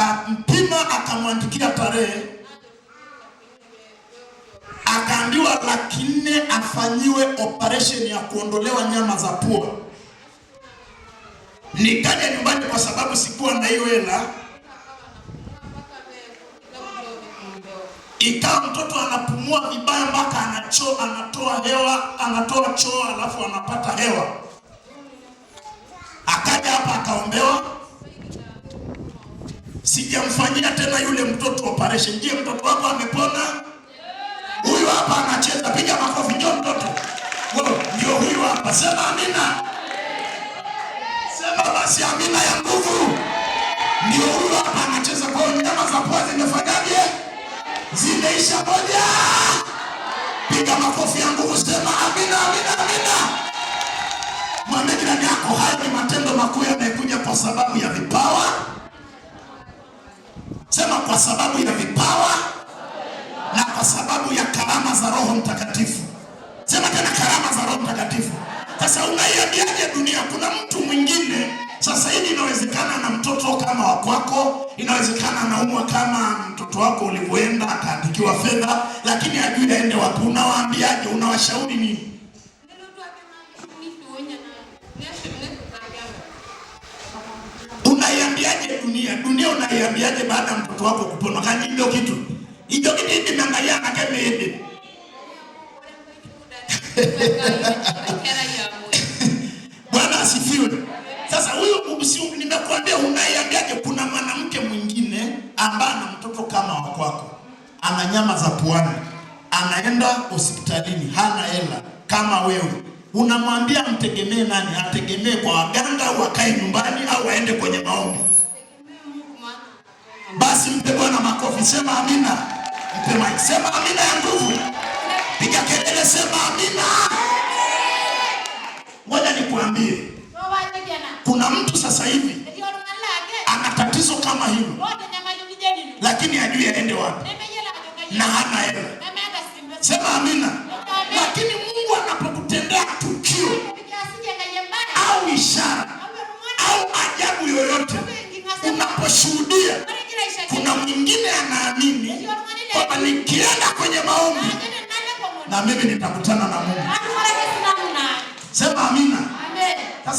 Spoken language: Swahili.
akampima akamwandikia tarehe, akaambiwa laki nne afanyiwe operation ya kuondolewa nyama za pua. Nikaja nyumbani kwa sababu sikuwa na hiyo hela, ikawa mtoto anapumua vibaya mpaka anacho anatoa hewa anatoa choo, alafu anapata hewa sijamfanyia tena yule mtoto operation. Je, mtoto wako amepona? Huyu hapa anacheza, piga makofi. Ndio mtoto ndio huyu hapa, sema amina. Sema basi amina ya nguvu. Ndio huyu hapa anacheza. Kwa nyama za pua zimefanyaje? Zimeisha moja. Piga makofi ya nguvu, sema amina, amina, amina. Mwambie jirani yako, haya ni matendo makuu yamekuja kwa sababu ya Sema kwa sababu ya vipawa na kwa sababu ya karama za Roho Mtakatifu. Sema tena karama za Roho Mtakatifu. Sasa unaiambiaje dunia? Kuna mtu mwingine sasa hivi inawezekana na mtoto kama wakwako, inawezekana anaumwa kama mtoto wako ulivyoenda akaandikiwa fedha, lakini ajui aende wapi. Unawaambiaje? Unawashauri nini? Unaiambiaje dunia? Dunia unaiambiaje? watu wako kani ndio kitu hicho kitu nimeangalia na kemi hivi Bwana asifiwe. Sasa huyo usiu nimekuambia unaiambiaje? Kuna mwanamke mwingine ambaye ana mtoto kama wa kwako, ana nyama za puani, anaenda hospitalini, hana hela kama wewe unamwambia mtegemee nani? Ategemee kwa waganga au akae nyumbani au aende kwenye maombi? basi Bwana makofi, sema amina. Mpe Mike, sema amina ya nguvu, piga kelele, sema amina. Ngoja nikuambie, kuna mtu sasa hivi ana tatizo kama hilo, lakini ajui aende wapi na hana hela. Sema amina. Lakini Mungu anapokutendea tukio au ishara au ajabu yoyote unaposhuhudia nikienda kwenye maombi na mimi nitakutana na Mungu. Sema amina.